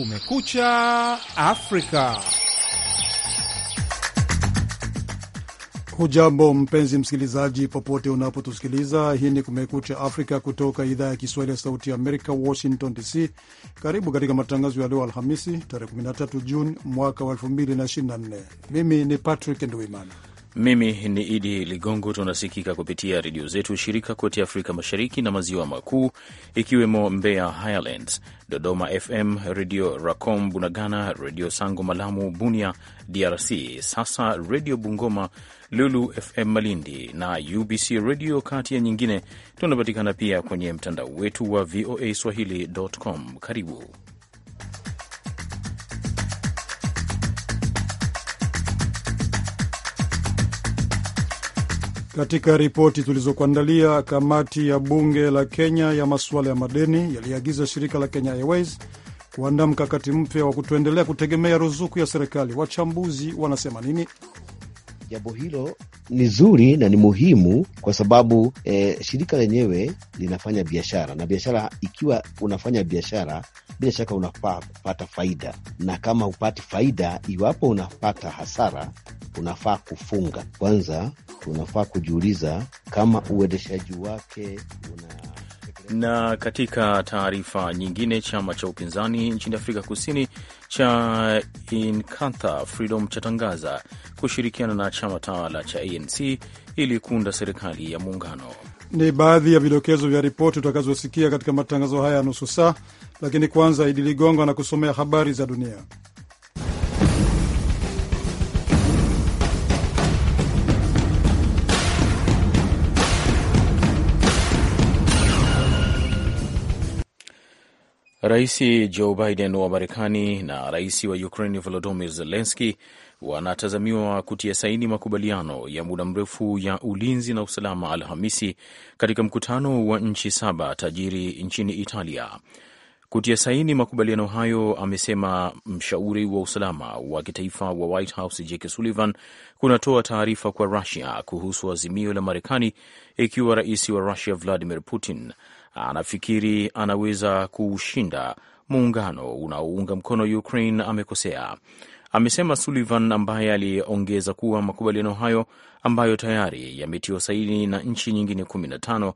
Kumekucha Afrika. Hujambo mpenzi msikilizaji, popote unapotusikiliza. Hii ni Kumekucha Afrika kutoka idhaa ya Kiswahili ya Sauti ya Amerika, Washington DC. Karibu katika matangazo ya leo Alhamisi, tarehe 13 Juni mwaka wa 2024. Mimi ni Patrick Ndwimana mimi ni Idi Ligongo. Tunasikika kupitia redio zetu shirika kote Afrika Mashariki na Maziwa Makuu, ikiwemo Mbeya Highlands, Dodoma FM, Redio Racom Bunagana, Redio Sango Malamu Bunia DRC, sasa Redio Bungoma, Lulu FM Malindi na UBC Redio, kati ya nyingine. Tunapatikana pia kwenye mtandao wetu wa VOA swahili.com. Karibu Katika ripoti tulizokuandalia, kamati ya bunge la Kenya ya masuala ya madeni yaliagiza shirika la Kenya Airways kuandaa mkakati mpya wa kutoendelea kutegemea ruzuku ya serikali. Wachambuzi wanasema nini? Jambo hilo ni zuri na ni muhimu kwa sababu eh, shirika lenyewe linafanya biashara, na biashara, ikiwa unafanya biashara, bila shaka unafaa kupata faida, na kama hupati faida, iwapo unapata hasara, unafaa kufunga. Kwanza unafaa kujiuliza kama uendeshaji wake una na katika taarifa nyingine, chama cha upinzani nchini Afrika Kusini cha Inkatha Freedom chatangaza kushirikiana na chama tawala cha ANC ili kuunda serikali ya muungano. Ni baadhi ya vidokezo vya ripoti utakazosikia katika matangazo haya ya nusu saa, lakini kwanza Idi Ligongo anakusomea habari za dunia. Rais Joe Biden wa Marekani na rais wa Ukraine Volodymyr Zelensky wanatazamiwa kutia saini makubaliano ya muda mrefu ya ulinzi na usalama Alhamisi katika mkutano wa nchi saba tajiri nchini Italia. Kutia saini makubaliano hayo, amesema mshauri wa usalama wa kitaifa wa White House Jake Sullivan, kunatoa taarifa kwa Rusia kuhusu azimio la Marekani ikiwa rais wa Rusia Vladimir Putin anafikiri anaweza kuushinda muungano unaounga mkono Ukraine amekosea, amesema Sullivan, ambaye aliongeza kuwa makubaliano hayo ambayo tayari yametiwa saini na nchi nyingine 15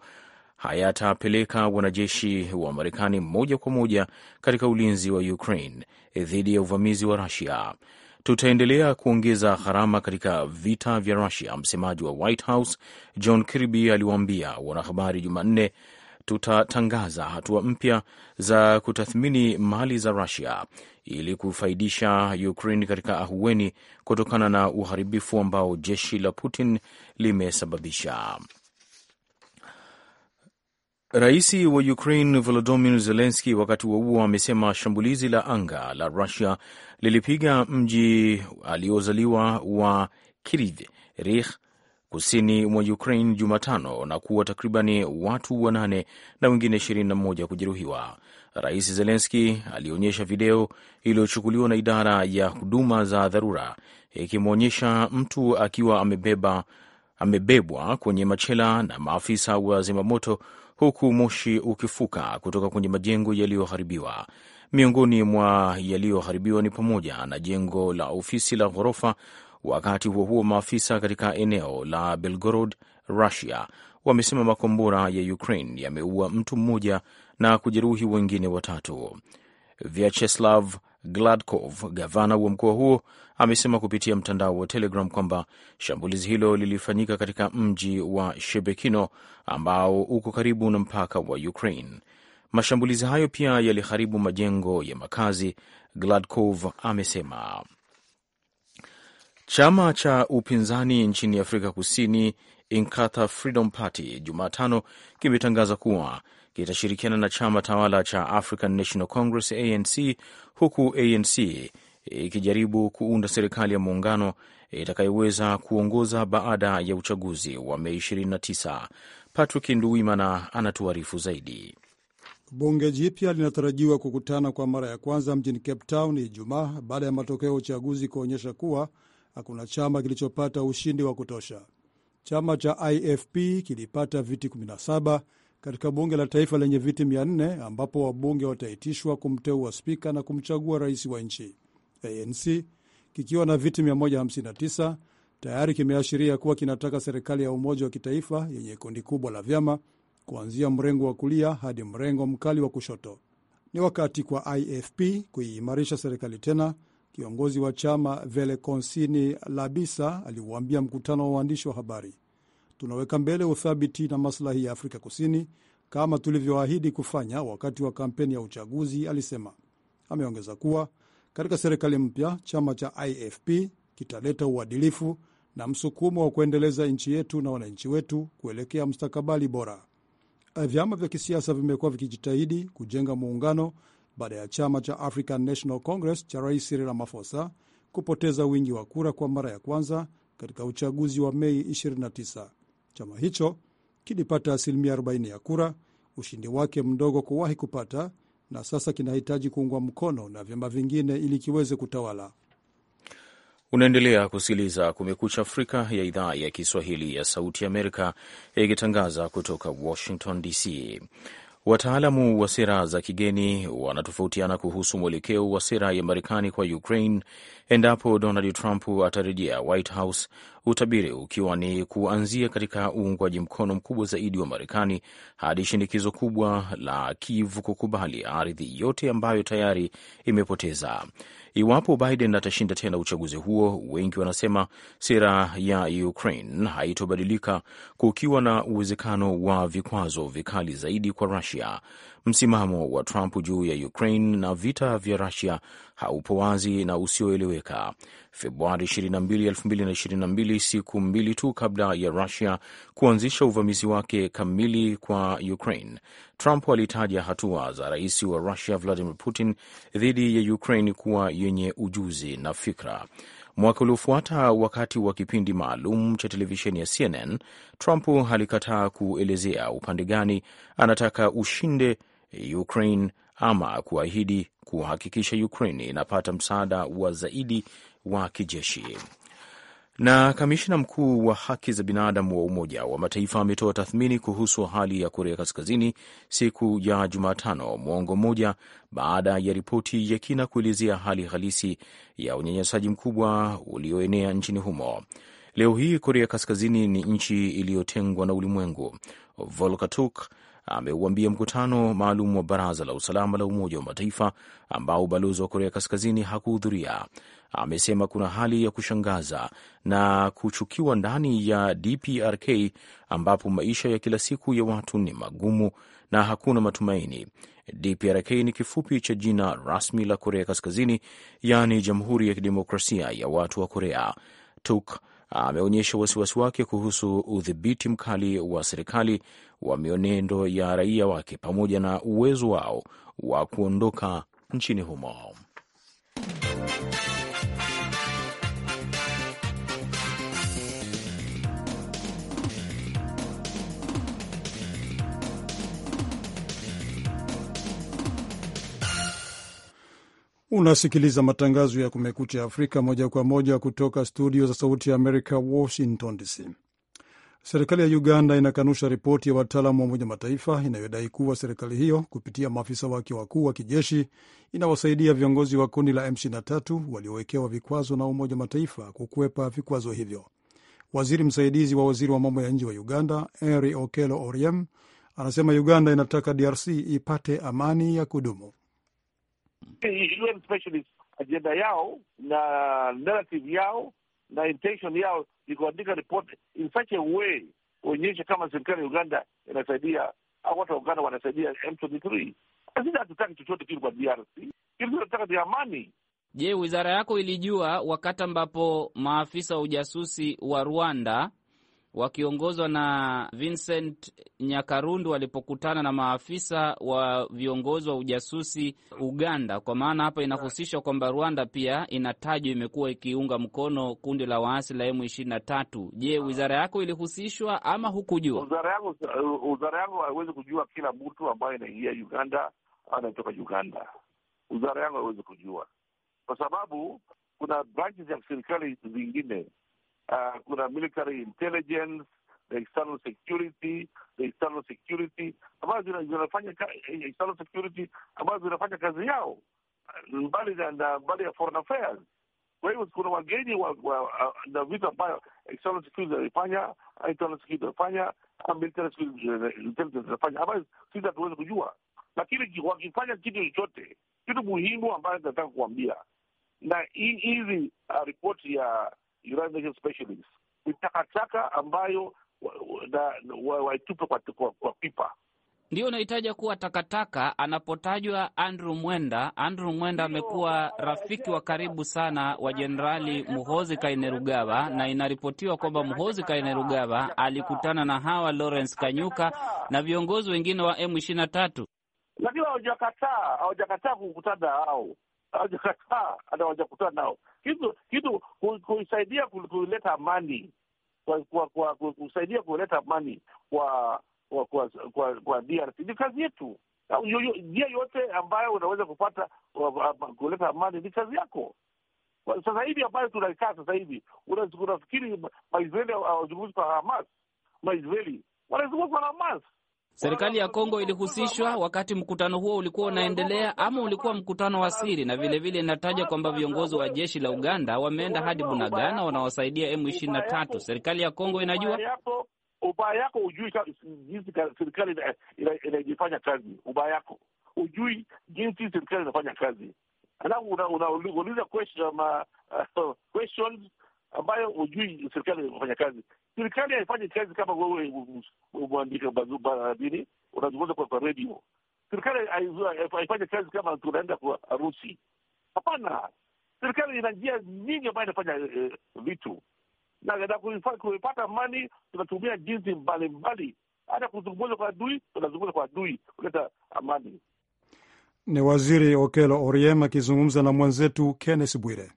hayatapeleka wanajeshi wa Marekani moja kwa moja katika ulinzi wa Ukraine dhidi ya uvamizi wa Rusia. Tutaendelea kuongeza gharama katika vita vya Rusia, msemaji wa White House John Kirby aliwaambia wanahabari Jumanne, tutatangaza hatua mpya za kutathmini mali za Rusia ili kufaidisha Ukraine katika ahueni kutokana na uharibifu ambao jeshi la Putin limesababisha. Rais wa Ukraine Volodymyr Zelensky wakati wa huo amesema shambulizi la anga la Rusia lilipiga mji aliozaliwa wa Kryvyi Rih kusini mwa Ukraine Jumatano na kuwa takribani watu wanane na wengine 21 kujeruhiwa. Rais Zelenski alionyesha video iliyochukuliwa na idara ya huduma za dharura ikimwonyesha mtu akiwa amebeba, amebebwa kwenye machela na maafisa wa zimamoto huku moshi ukifuka kutoka kwenye majengo yaliyoharibiwa. Miongoni mwa yaliyoharibiwa ni pamoja na jengo la ofisi la ghorofa Wakati huo huo, maafisa katika eneo la Belgorod, Russia, wamesema makombora ya Ukraine yameua mtu mmoja na kujeruhi wengine watatu. Vyacheslav Gladkov, gavana wa mkoa huo, amesema kupitia mtandao wa Telegram kwamba shambulizi hilo lilifanyika katika mji wa Shebekino ambao uko karibu na mpaka wa Ukraine. Mashambulizi hayo pia yaliharibu majengo ya makazi, Gladkov amesema. Chama cha upinzani nchini Afrika Kusini Inkatha Freedom Party Jumatano kimetangaza kuwa kitashirikiana na chama tawala cha African National Congress ANC, huku ANC ikijaribu kuunda serikali ya muungano itakayoweza kuongoza baada ya uchaguzi wa Mei 29. Patrick Nduwimana anatuarifu zaidi. Bunge jipya linatarajiwa kukutana kwa mara ya kwanza mjini Cape Town Ijumaa baada ya matokeo ya uchaguzi kuonyesha kuwa hakuna chama kilichopata ushindi wa kutosha. Chama cha IFP kilipata viti 17 katika bunge la taifa lenye viti 400 ambapo wabunge wataitishwa kumteua spika na kumchagua rais wa nchi. ANC kikiwa na viti 159 tayari kimeashiria kuwa kinataka serikali ya umoja wa kitaifa yenye kundi kubwa la vyama kuanzia mrengo wa kulia hadi mrengo mkali wa kushoto. Ni wakati kwa IFP kuiimarisha serikali tena Kiongozi wa chama Velekonsini Labisa aliuambia mkutano wa waandishi wa habari, tunaweka mbele uthabiti na maslahi ya Afrika Kusini kama tulivyoahidi kufanya wakati wa kampeni ya uchaguzi, alisema. Ameongeza kuwa katika serikali mpya chama cha IFP kitaleta uadilifu na msukumo wa kuendeleza nchi yetu na wananchi wetu kuelekea mstakabali bora. Vyama vya kisiasa vimekuwa vikijitahidi kujenga muungano baada ya chama cha African National Congress cha Rais Cyril Ramaphosa kupoteza wingi wa kura kwa mara ya kwanza katika uchaguzi wa Mei 29. Chama hicho kilipata asilimia 40 ya kura, ushindi wake mdogo kuwahi kupata, na sasa kinahitaji kuungwa mkono na vyama vingine ili kiweze kutawala. Unaendelea kusikiliza Kumekucha Afrika ya idhaa ya Kiswahili ya Sauti ya Amerika, ikitangaza kutoka Washington DC. Wataalamu wa sera za kigeni wanatofautiana kuhusu mwelekeo wa sera ya Marekani kwa Ukraine endapo Donald Trump atarejea White House utabiri ukiwa ni kuanzia katika uungwaji mkono mkubwa zaidi wa Marekani hadi shinikizo kubwa la kivu kukubali ardhi yote ambayo tayari imepoteza. Iwapo Biden atashinda tena uchaguzi huo, wengi wanasema sera ya Ukraine haitobadilika, kukiwa na uwezekano wa vikwazo vikali zaidi kwa Rusia. Msimamo wa Trump juu ya Ukraine na vita vya Rusia haupo wazi na usioeleweka. Februari 22, 2022, siku mbili tu kabla ya Rusia kuanzisha uvamizi wake kamili kwa Ukraine, Trump alitaja hatua za rais wa Rusia Vladimir Putin dhidi ya Ukraine kuwa yenye ujuzi na fikra. Mwaka uliofuata, wakati wa kipindi maalum cha televisheni ya CNN, Trump alikataa kuelezea upande gani anataka ushinde Ukraine ama kuahidi kuhakikisha Ukraine inapata msaada wa zaidi wa kijeshi. Na kamishina mkuu wa haki za binadamu wa Umoja wa Mataifa ametoa tathmini kuhusu hali ya Korea Kaskazini siku ya Jumatano, mwongo mmoja baada ya ripoti ya kina kuelezea hali halisi ya unyanyasaji mkubwa ulioenea nchini humo. Leo hii Korea Kaskazini ni nchi iliyotengwa na ulimwengu. Volker Turk ameuambia mkutano maalum wa Baraza la Usalama la Umoja wa Mataifa ambao ubalozi wa Korea Kaskazini hakuhudhuria. Amesema kuna hali ya kushangaza na kuchukiwa ndani ya DPRK ambapo maisha ya kila siku ya watu ni magumu na hakuna matumaini. DPRK ni kifupi cha jina rasmi la Korea Kaskazini, yaani Jamhuri ya Kidemokrasia ya Watu wa Korea. Tuk ameonyesha wasiwasi wake kuhusu udhibiti mkali wa serikali wa mionendo ya raia wake pamoja na uwezo wao wa kuondoka nchini humo. Unasikiliza matangazo ya Kumekucha Afrika moja kwa moja kutoka studio za Sauti ya Amerika, Washington DC. Serikali ya Uganda inakanusha ripoti ya wataalamu wa Umoja Mataifa inayodai kuwa serikali hiyo kupitia maafisa wake wakuu wa kijeshi inawasaidia viongozi wa kundi la M23 waliowekewa vikwazo na Umoja Mataifa kukwepa vikwazo hivyo. Waziri msaidizi wa waziri wa mambo ya nje wa Uganda Henry Okello Oryem anasema Uganda inataka DRC ipate amani ya kudumu. UN specialist ajenda yao na narrative yao na intention yao ni kuandika ripoti in such a way kuonyesha kama serikali ya Uganda inasaidia au watu wa Uganda wanasaidia M23. Sisi hatutaki chochote kile kwa DRC, kile tunataka ni amani. Je, wizara yako ilijua wakati ambapo maafisa wa ujasusi wa Rwanda wakiongozwa na Vincent Nyakarundu walipokutana na maafisa wa viongozi wa ujasusi Uganda. Kwa maana hapa inahusishwa kwamba Rwanda pia inatajwa imekuwa ikiunga mkono kundi la waasi la emu ishirini na tatu. Je, wizara yako ilihusishwa ama hukujua? Wizara yangu wizara yangu haiwezi kujua kila mtu ambayo inaingia Uganda au anatoka Uganda. Wizara yangu haiwezi kujua kwa sababu kuna branches ya serikali zingine uh, kuna uh, military intelligence the external security the external security ambazo zinafanya eh, eh, external security ambazo zinafanya kazi yao uh, mbali na mbali ya foreign affairs. Kwa hivyo kuna wageni wa, wa, uh, na vitu ambayo external security zinafanya, internal security zinafanya, military security eh, intelligence zinafanya ambayo sisi hatuwezi kujua, lakini wakifanya kitu chochote, kitu muhimu ambayo nataka kuambia na hizi uh, ripoti ya United Nations ni takataka ambayo waitupe wa, wa, kwa, kwa pipa ndio unahitaja kuwa takataka. Anapotajwa Andrew Mwenda, Andrew Mwenda amekuwa rafiki wa karibu sana wa Jenerali Muhozi Kainerugaba, na inaripotiwa kwamba Muhozi Kainerugaba alikutana na hawa Lawrence Kanyuka na viongozi wengine wa m tatu lakini hawajakataa, hawajakataa kukutana nao, hawajakataa hata hawajakutana nao kitu kitu kuisaidia kuleta amani kwa, kwa, kwa, kusaidia kuleta amani kwa kwa, kwa, kwa, kwa DRC ni kazi yetu. Njia yote ambayo unaweza kupata kuleta amani ni kazi yako. Sasa hivi ambayo tunaikaa sasa hivi, unafikiri Maisraeli hawazungumzi kwa Hamas? Maisraeli wanazungumza kwa Hamas. Serikali ya Kongo ilihusishwa wakati mkutano huo ulikuwa unaendelea ama ulikuwa mkutano wa siri? Na vilevile inataja vile kwamba viongozi wa jeshi la Uganda wameenda hadi Bunagana, wanawasaidia M23. Serikali ya Kongo inajua ubaya yako, ujui jinsi serikali inajifanya kazi. Ubaya yako, ujui jinsi serikali inafanya kazi, alafu unauliza una, una, una question, uh, questions ambayo hujui serikali inafanya kazi. Serikali haifanyi kazi kama wewe umeandika bazubaadini unazungumza kwa redio. Serikali haifanyi kazi kama tunaenda kwa harusi. Hapana, serikali ina njia nyingi ambayo inafanya eh, eh, vitu na, na kuipata mani tunatumia jinsi mbalimbali. Hata kuzungumza kwa adui, tunazungumza kwa adui kuleta amani. Ni Waziri Okelo Oriem akizungumza na mwenzetu Kenneth Bwire.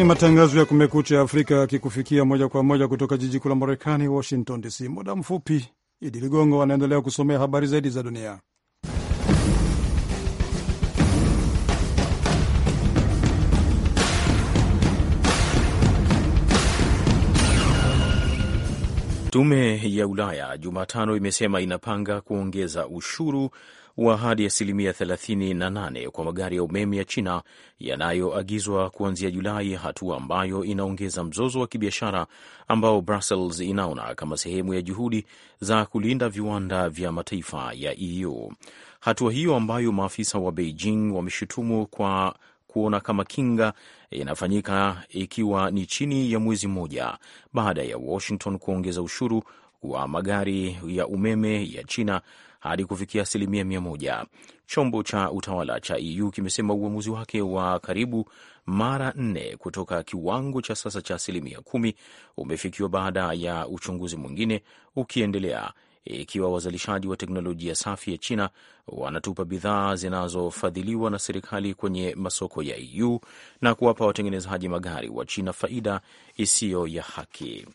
ni matangazo ya Kumekucha ya Afrika yakikufikia moja kwa moja kutoka jiji kuu la Marekani, Washington DC. Muda mfupi Idi Ligongo anaendelea kusomea habari zaidi za dunia. Tume ya Ulaya Jumatano imesema inapanga kuongeza ushuru wa hadi asilimia 38 kwa magari ya umeme ya China yanayoagizwa kuanzia Julai, hatua ambayo inaongeza mzozo wa kibiashara ambao Brussels inaona kama sehemu ya juhudi za kulinda viwanda vya mataifa ya EU. Hatua hiyo ambayo maafisa wa Beijing wameshutumu kwa kuona kama kinga inafanyika ikiwa ni chini ya mwezi mmoja baada ya Washington kuongeza ushuru wa magari ya umeme ya China hadi kufikia asilimia mia moja. Chombo cha utawala cha EU kimesema uamuzi wake wa karibu mara nne kutoka kiwango cha sasa cha asilimia kumi umefikiwa baada ya uchunguzi mwingine ukiendelea, ikiwa wazalishaji wa teknolojia safi ya China wanatupa bidhaa zinazofadhiliwa na serikali kwenye masoko ya EU na kuwapa watengenezaji magari wa China faida isiyo ya haki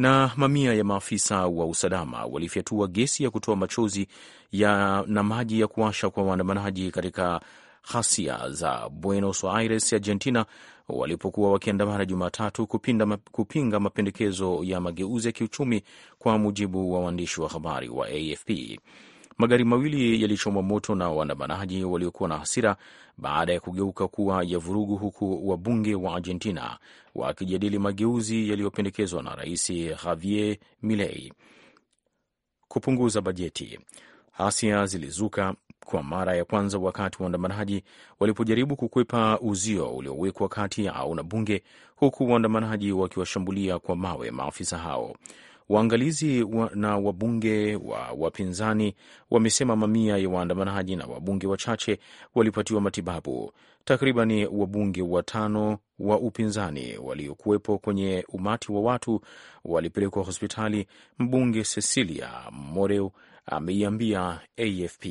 na mamia ya maafisa wa usalama walifyatua gesi ya kutoa machozi ya na maji ya kuasha kwa waandamanaji katika ghasia za Buenos Aires, Argentina, walipokuwa wakiandamana Jumatatu kupinga mapendekezo ya mageuzi ya kiuchumi, kwa mujibu wa waandishi wa habari wa AFP. Magari mawili yalichomwa moto na waandamanaji waliokuwa na hasira baada ya kugeuka kuwa ya vurugu, huku wabunge wa Argentina wakijadili mageuzi yaliyopendekezwa na Rais Javier Milei kupunguza bajeti. Ghasia zilizuka kwa mara ya kwanza wakati waandamanaji walipojaribu kukwepa uzio uliowekwa kati yao na bunge, huku waandamanaji wakiwashambulia kwa mawe maafisa hao. Waangalizi wa, na wabunge wa wapinzani wamesema mamia ya waandamanaji na wabunge wachache walipatiwa matibabu. Takribani wabunge watano wa upinzani waliokuwepo kwenye umati wa watu walipelekwa hospitali. Mbunge Cecilia Moreu ameiambia AFP.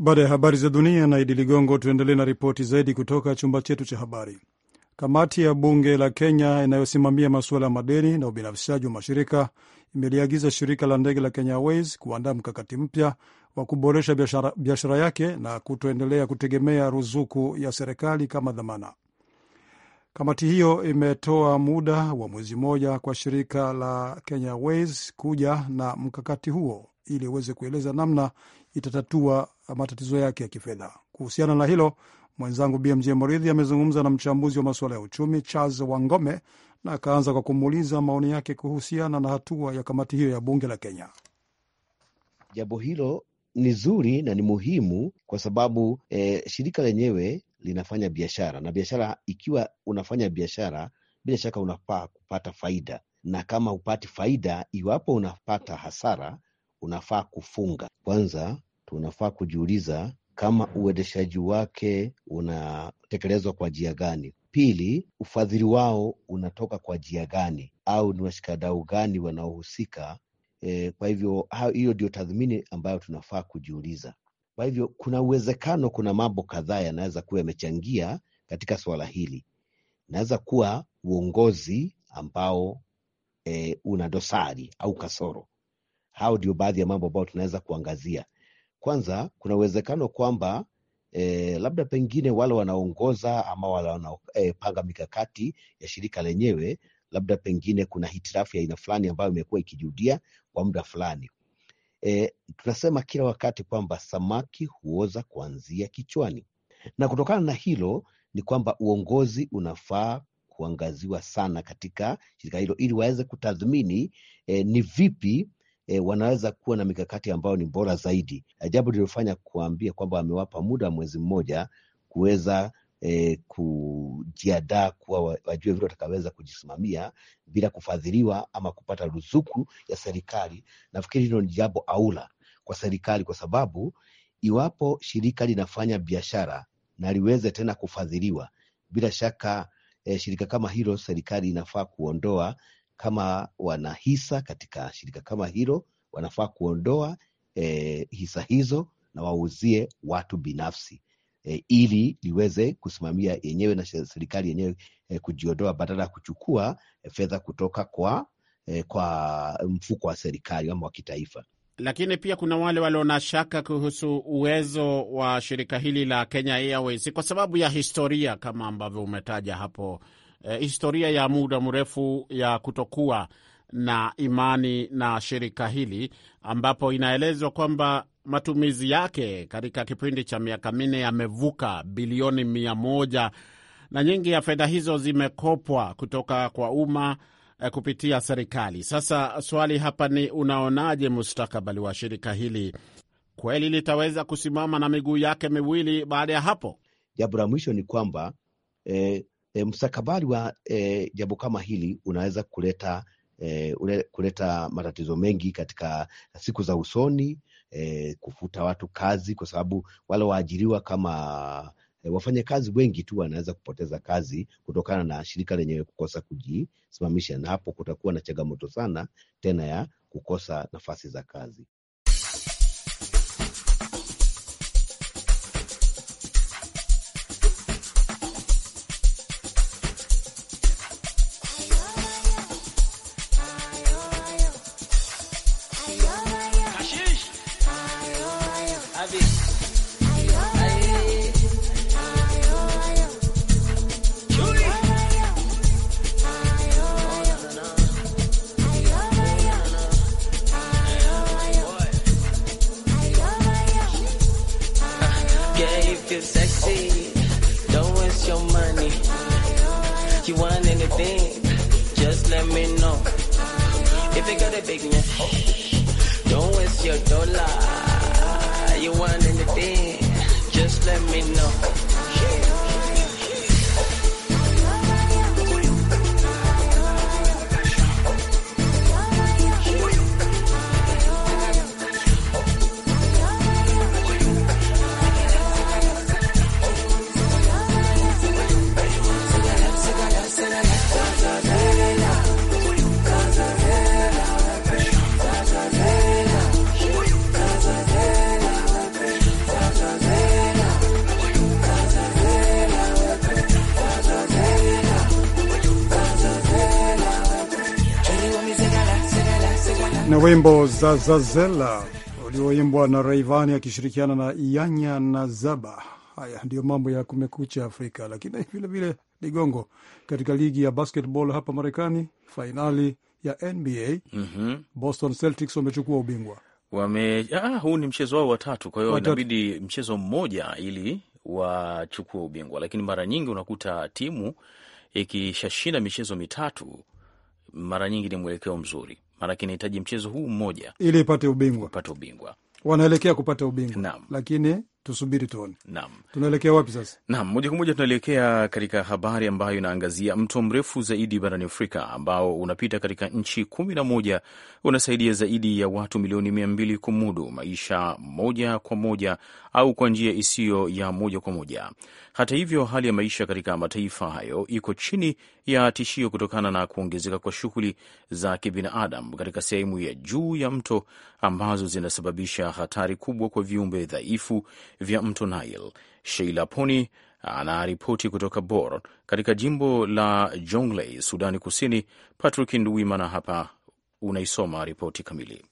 Baada ya habari za dunia na Idi Ligongo, tuendelee na ripoti zaidi kutoka chumba chetu cha habari. Kamati ya bunge la Kenya inayosimamia masuala ya madeni na ubinafsishaji wa mashirika imeliagiza shirika la ndege la Kenya Airways kuandaa mkakati mpya wa kuboresha biashara, biashara yake na kutoendelea kutegemea ruzuku ya serikali kama dhamana. Kamati hiyo imetoa muda wa mwezi mmoja kwa shirika la Kenya Airways kuja na mkakati huo ili iweze kueleza namna itatatua matatizo yake ya kifedha. Kuhusiana na hilo, mwenzangu BMJ Moridhi amezungumza na mchambuzi wa masuala ya uchumi Charles Wangome na akaanza kwa kumuuliza maoni yake kuhusiana na hatua ya kamati hiyo ya bunge la Kenya. Jambo hilo ni zuri na ni muhimu kwa sababu eh, shirika lenyewe linafanya biashara na biashara, ikiwa unafanya biashara, bila shaka unafaa kupata faida, na kama hupati faida, iwapo unapata hasara, unafaa kufunga kwanza tunafaa kujiuliza kama uendeshaji wake unatekelezwa kwa njia gani. Pili, ufadhili wao unatoka kwa njia gani, au ni washikadau gani wanaohusika? E, kwa hivyo hiyo ndio tathmini ambayo tunafaa kujiuliza. Kwa hivyo kuna uwezekano, kuna mambo kadhaa yanaweza kuwa yamechangia katika suala hili. Inaweza kuwa uongozi ambao e, una dosari au kasoro. Hao ndio baadhi ya mambo ambayo tunaweza kuangazia. Kwanza kuna uwezekano kwamba e, labda pengine wale wanaongoza ama wale wanaopanga eh, e, mikakati ya shirika lenyewe, labda pengine kuna hitirafu ya aina fulani ambayo imekuwa ikijuhudia kwa muda fulani. E, tunasema kila wakati kwamba samaki huoza kuanzia kichwani, na kutokana na hilo ni kwamba uongozi unafaa kuangaziwa sana katika shirika hilo ili waweze kutathmini e, ni vipi e, wanaweza kuwa na mikakati ambayo ni bora zaidi. E, jambo lililofanya kuambia kwamba wamewapa muda wa mwezi mmoja kuweza E, kujiadaa kuwa wajue vile watakaweza kujisimamia bila kufadhiliwa ama kupata ruzuku ya serikali. Nafikiri hilo ni jambo aula kwa serikali, kwa sababu iwapo shirika linafanya biashara na liweze tena kufadhiliwa, bila shaka e, shirika kama hilo serikali inafaa kuondoa kama wanahisa katika shirika kama hilo, wanafaa kuondoa e, hisa hizo na wauzie watu binafsi e, ili liweze kusimamia yenyewe na serikali yenyewe e, kujiondoa badala ya kuchukua e, fedha kutoka kwa e, kwa mfuko wa serikali ama wa kitaifa. Lakini pia kuna wale walio shaka kuhusu uwezo wa shirika hili la Kenya Airways kwa sababu ya historia kama ambavyo umetaja hapo eh, historia ya muda mrefu ya kutokuwa na imani na shirika hili ambapo inaelezwa kwamba matumizi yake katika kipindi cha miaka minne yamevuka bilioni mia moja na nyingi ya fedha hizo zimekopwa kutoka kwa umma eh, kupitia serikali. Sasa swali hapa ni unaonaje mustakabali wa shirika hili? Kweli litaweza kusimama na miguu yake miwili baada ya hapo? Jambo la mwisho ni kwamba eh, e, eh, mstakabali wa e, jambo kama hili unaweza kuleta E, ule, kuleta matatizo mengi katika siku za usoni e, kufuta watu kazi kwa sababu wale waajiriwa kama e, wafanyakazi wengi tu wanaweza kupoteza kazi kutokana na shirika lenyewe kukosa kujisimamisha, na hapo kutakuwa na changamoto sana tena ya kukosa nafasi za kazi. na wimbo Zazazela ulioimbwa na raivani akishirikiana na Yanya na Zaba. Haya ndiyo mambo ya Kumekucha Afrika. Lakini vilevile Ligongo, katika ligi ya basketball hapa Marekani, fainali ya NBA mm -hmm. Boston Celtics wamechukua ubingwa wame, ah, huu ni mchezo wao watatu, kwa hiyo inabidi mchezo mmoja ili wachukua ubingwa, lakini mara nyingi unakuta timu ikishashinda michezo mitatu, mara nyingi ni mwelekeo mzuri maanake inahitaji mchezo huu mmoja ili ipate ubingwa, ipate ubingwa, wanaelekea kupata ubingwa, lakini tusubiri tuone. Naam, tunaelekea wapi sasa? Naam, moja kwa moja tunaelekea katika habari ambayo inaangazia mto mrefu zaidi barani Afrika ambao unapita katika nchi kumi na moja, unasaidia zaidi ya watu milioni mia mbili kumudu maisha moja kwa moja au kwa njia isiyo ya moja kwa moja. Hata hivyo, hali ya maisha katika mataifa hayo iko chini ya tishio kutokana na kuongezeka kwa shughuli za kibinadamu katika sehemu ya juu ya mto ambazo zinasababisha hatari kubwa kwa viumbe dhaifu vya mto Nile. Sheila Poni anaripoti kutoka Bor katika jimbo la Jonglei, Sudani Kusini. Patrick Nduwimana hapa unaisoma ripoti kamili.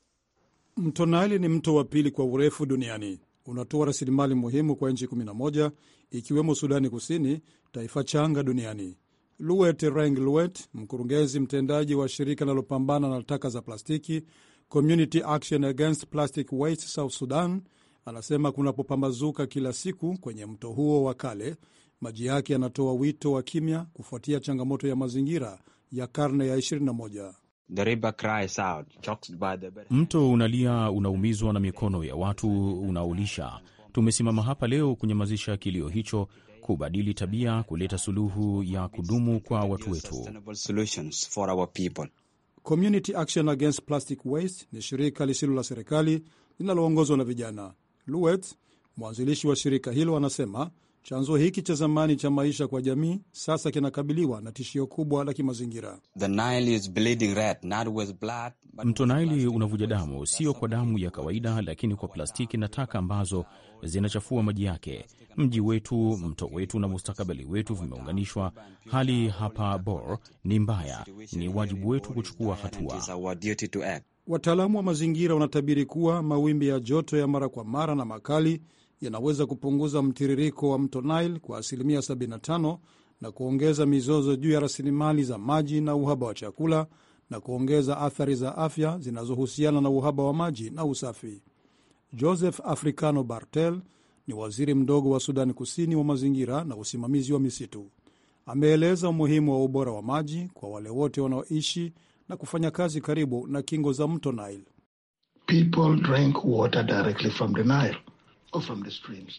Mto Nile ni mto wa pili kwa urefu duniani. Unatoa rasilimali muhimu kwa nchi 11 ikiwemo Sudani Kusini, taifa changa duniani. Luet Reng Luet, mkurugenzi mtendaji wa shirika linalopambana na taka za plastiki Community Action Against Plastic Waste South Sudan, Anasema kunapopambazuka kila siku kwenye mto huo wa kale, maji yake yanatoa wito wa kimya kufuatia changamoto ya mazingira ya karne ya 21. The river cries out, by the... Mto unalia, unaumizwa na mikono ya watu unaolisha. Tumesimama hapa leo kunyamazisha kilio hicho, kubadili tabia, kuleta suluhu ya kudumu kwa watu wetu. Community Action Against Plastic Waste ni shirika lisilo la serikali linaloongozwa na vijana. Luet, mwanzilishi wa shirika hilo, anasema chanzo hiki cha zamani cha maisha kwa jamii sasa kinakabiliwa na tishio kubwa la kimazingira. Mto Naili unavuja damu, sio kwa damu ya kawaida, lakini kwa plastiki na taka ambazo zinachafua maji yake. Mji wetu, mto wetu na mustakabali wetu vimeunganishwa. Hali hapa Bor ni mbaya, ni wajibu wetu kuchukua hatua. Wataalamu wa mazingira wanatabiri kuwa mawimbi ya joto ya mara kwa mara na makali yanaweza kupunguza mtiririko wa mto Nile kwa asilimia 75 na kuongeza mizozo juu ya rasilimali za maji na uhaba wa chakula na kuongeza athari za afya zinazohusiana na uhaba wa maji na usafi. Joseph Africano Bartel ni waziri mdogo wa Sudani Kusini wa mazingira na usimamizi wa misitu. Ameeleza umuhimu wa ubora wa maji kwa wale wote wanaoishi na kufanya kazi karibu na kingo za mto Nile. People drink water directly from the Nile.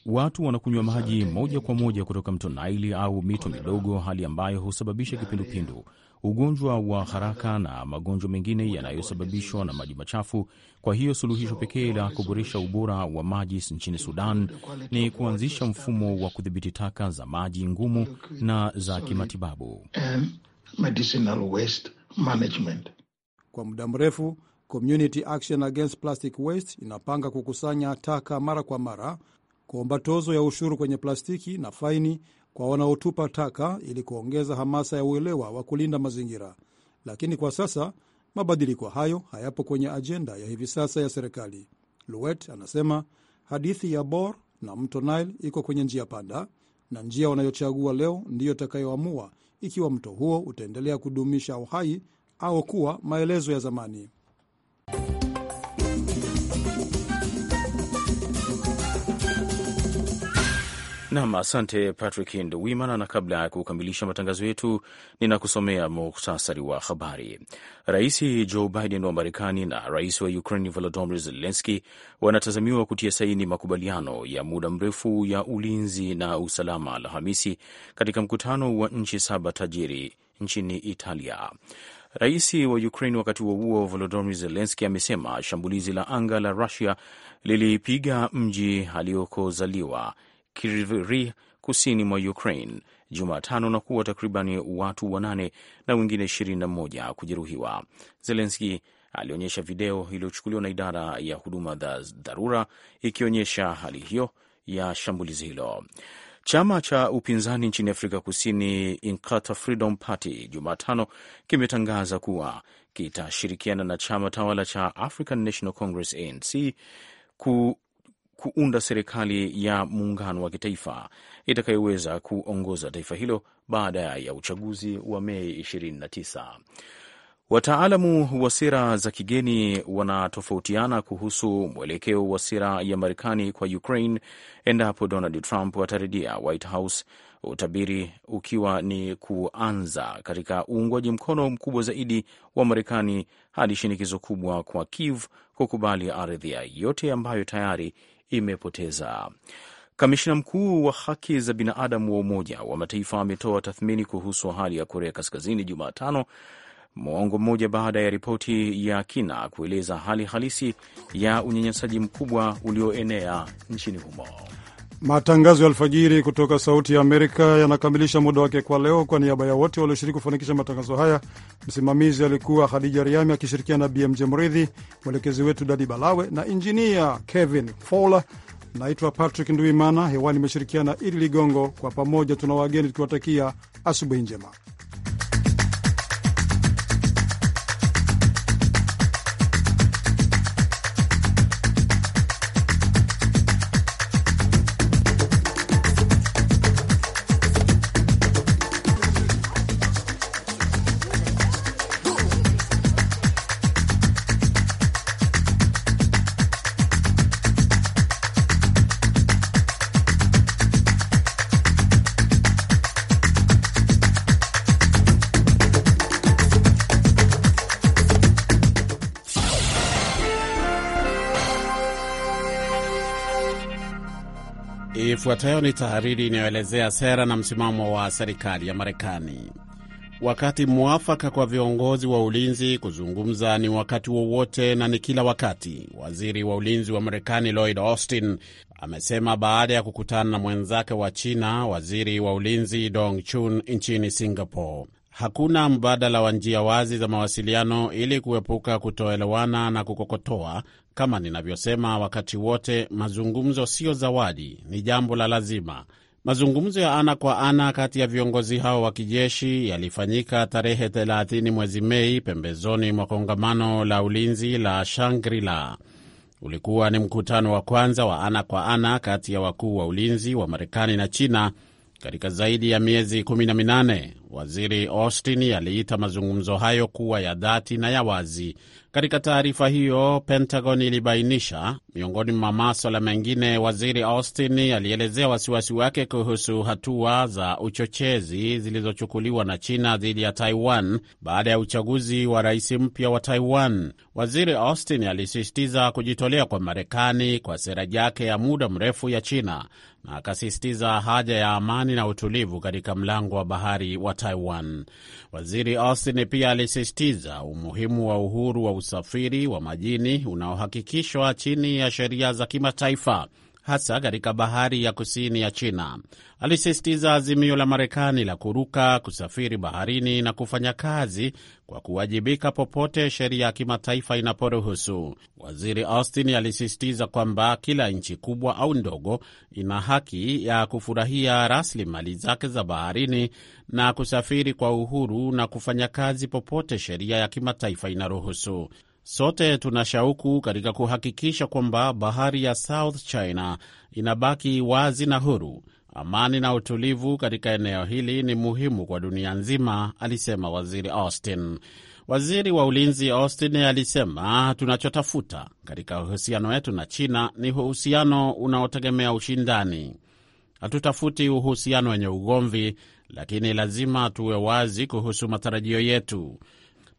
Watu wanakunywa maji moja kwa moja kutoka mto Naili au mito midogo, hali ambayo husababisha kipindupindu, ugonjwa wa haraka na magonjwa mengine yanayosababishwa na maji machafu. Kwa hiyo suluhisho pekee la kuboresha ubora wa maji nchini Sudan ni kuanzisha mfumo wa kudhibiti taka za maji ngumu na za kimatibabu. And medicinal waste management. Kwa muda mrefu Community Action Against Plastic Waste inapanga kukusanya taka mara kwa mara, kuomba tozo ya ushuru kwenye plastiki na faini kwa wanaotupa taka ili kuongeza hamasa ya uelewa wa kulinda mazingira. Lakini kwa sasa mabadiliko hayo hayapo kwenye ajenda ya hivi sasa ya serikali. Luet anasema hadithi ya Bor na mto Nile iko kwenye njia panda, na njia wanayochagua leo ndiyo itakayoamua ikiwa mto huo utaendelea kudumisha uhai au kuwa maelezo ya zamani. Nam, asante Patrick Nduwimana. Na kabla ya kukamilisha matangazo yetu, ninakusomea muhtasari wa habari. Rais Joe Biden wa Marekani na rais wa Ukraini Volodymyr Zelenski wanatazamiwa kutia saini makubaliano ya muda mrefu ya ulinzi na usalama Alhamisi katika mkutano wa nchi saba tajiri nchini Italia. Rais wa Ukraine wakati huo huo, Volodymyr Zelensky amesema shambulizi la anga la rusia lilipiga mji aliokozaliwa Kryvyi kusini mwa Ukraine Jumatano na kuwa takriban watu wanane na wengine 21 kujeruhiwa. Zelenski alionyesha video iliyochukuliwa na idara ya huduma za dharura ikionyesha hali hiyo ya shambulizi hilo. Chama cha upinzani nchini Afrika Kusini Inkatha Freedom Party Jumatano kimetangaza kuwa kitashirikiana na chama tawala cha African National Congress ANC ku kuunda serikali ya muungano wa kitaifa itakayoweza kuongoza taifa hilo baada ya uchaguzi wa Mei 29. Wataalamu wa sera za kigeni wanatofautiana kuhusu mwelekeo wa sera ya Marekani kwa Ukraine endapo Donald Trump atarejea White House, utabiri ukiwa ni kuanza katika uungwaji mkono mkubwa zaidi wa Marekani hadi shinikizo kubwa kwa Kiev kukubali ardhi yote ambayo tayari imepoteza. kamishina mkuu wa haki za binadamu wa Umoja wa Mataifa ametoa tathmini kuhusu hali ya Korea Kaskazini Jumatano, mwongo mmoja baada ya ripoti ya kina kueleza hali halisi ya unyanyasaji mkubwa ulioenea nchini humo. Matangazo ya alfajiri kutoka Sauti ya Amerika yanakamilisha muda wake kwa leo. Kwa niaba ya wote walioshiriki kufanikisha matangazo haya, msimamizi alikuwa Khadija Riami akishirikiana na BMJ Mridhi, mwelekezi wetu Dadi Balawe na injinia Kevin Fowler. Naitwa Patrick Nduimana, hewani imeshirikiana Idi Ligongo. Kwa pamoja tuna wageni tukiwatakia asubuhi njema. Ifuatayo ni tahariri inayoelezea sera na msimamo wa serikali ya Marekani. Wakati mwafaka kwa viongozi wa ulinzi kuzungumza ni wakati wowote na ni kila wakati, waziri wa ulinzi wa Marekani Lloyd Austin amesema baada ya kukutana na mwenzake wa China, waziri wa ulinzi Dong Chun nchini Singapore hakuna mbadala wa njia wazi za mawasiliano ili kuepuka kutoelewana na kukokotoa. Kama ninavyosema wakati wote, mazungumzo sio zawadi, ni jambo la lazima. Mazungumzo ya ana kwa ana kati ya viongozi hao wa kijeshi yalifanyika tarehe 30 mwezi Mei pembezoni mwa kongamano la ulinzi la Shangri-La. Ulikuwa ni mkutano wa kwanza wa ana kwa ana kati ya wakuu wa ulinzi wa Marekani na China katika zaidi ya miezi 18. Waziri Austin aliita mazungumzo hayo kuwa ya dhati na ya wazi. Katika taarifa hiyo, Pentagon ilibainisha, miongoni mwa maswala mengine, Waziri Austin alielezea wasiwasi wake kuhusu hatua za uchochezi zilizochukuliwa na China dhidi ya Taiwan baada ya uchaguzi wa rais mpya wa Taiwan. Waziri Austin alisisitiza kujitolea kwa Marekani kwa sera yake ya muda mrefu ya China na akasisitiza haja ya amani na utulivu katika mlango wa bahari wa Taiwan. Waziri Austin pia alisisitiza umuhimu wa uhuru wa usafiri wa majini unaohakikishwa chini ya sheria za kimataifa hasa katika bahari ya kusini ya China. Alisisitiza azimio la Marekani la kuruka, kusafiri baharini na kufanya kazi kwa kuwajibika popote sheria ya kimataifa inaporuhusu. Waziri Austin alisisitiza kwamba kila nchi kubwa au ndogo ina haki ya kufurahia rasilimali zake za baharini na kusafiri kwa uhuru na kufanya kazi popote sheria ya kimataifa inaruhusu. Sote tuna shauku katika kuhakikisha kwamba bahari ya South China inabaki wazi na huru. Amani na utulivu katika eneo hili ni muhimu kwa dunia nzima, alisema Waziri Austin. Waziri wa ulinzi Austin alisema tunachotafuta katika uhusiano wetu na China ni uhusiano unaotegemea ushindani. Hatutafuti uhusiano wenye ugomvi, lakini lazima tuwe wazi kuhusu matarajio yetu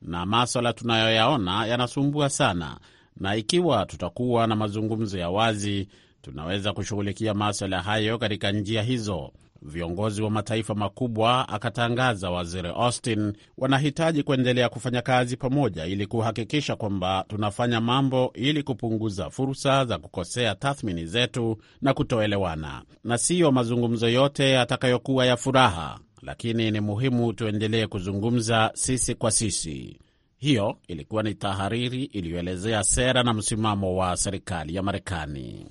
na maswala tunayoyaona yanasumbua sana, na ikiwa tutakuwa na mazungumzo ya wazi, tunaweza kushughulikia maswala hayo katika njia hizo. Viongozi wa mataifa makubwa, akatangaza Waziri Austin, wanahitaji kuendelea kufanya kazi pamoja ili kuhakikisha kwamba tunafanya mambo ili kupunguza fursa za kukosea tathmini zetu na kutoelewana, na siyo mazungumzo yote yatakayokuwa ya furaha lakini ni muhimu tuendelee kuzungumza sisi kwa sisi. Hiyo ilikuwa ni tahariri iliyoelezea sera na msimamo wa serikali ya Marekani.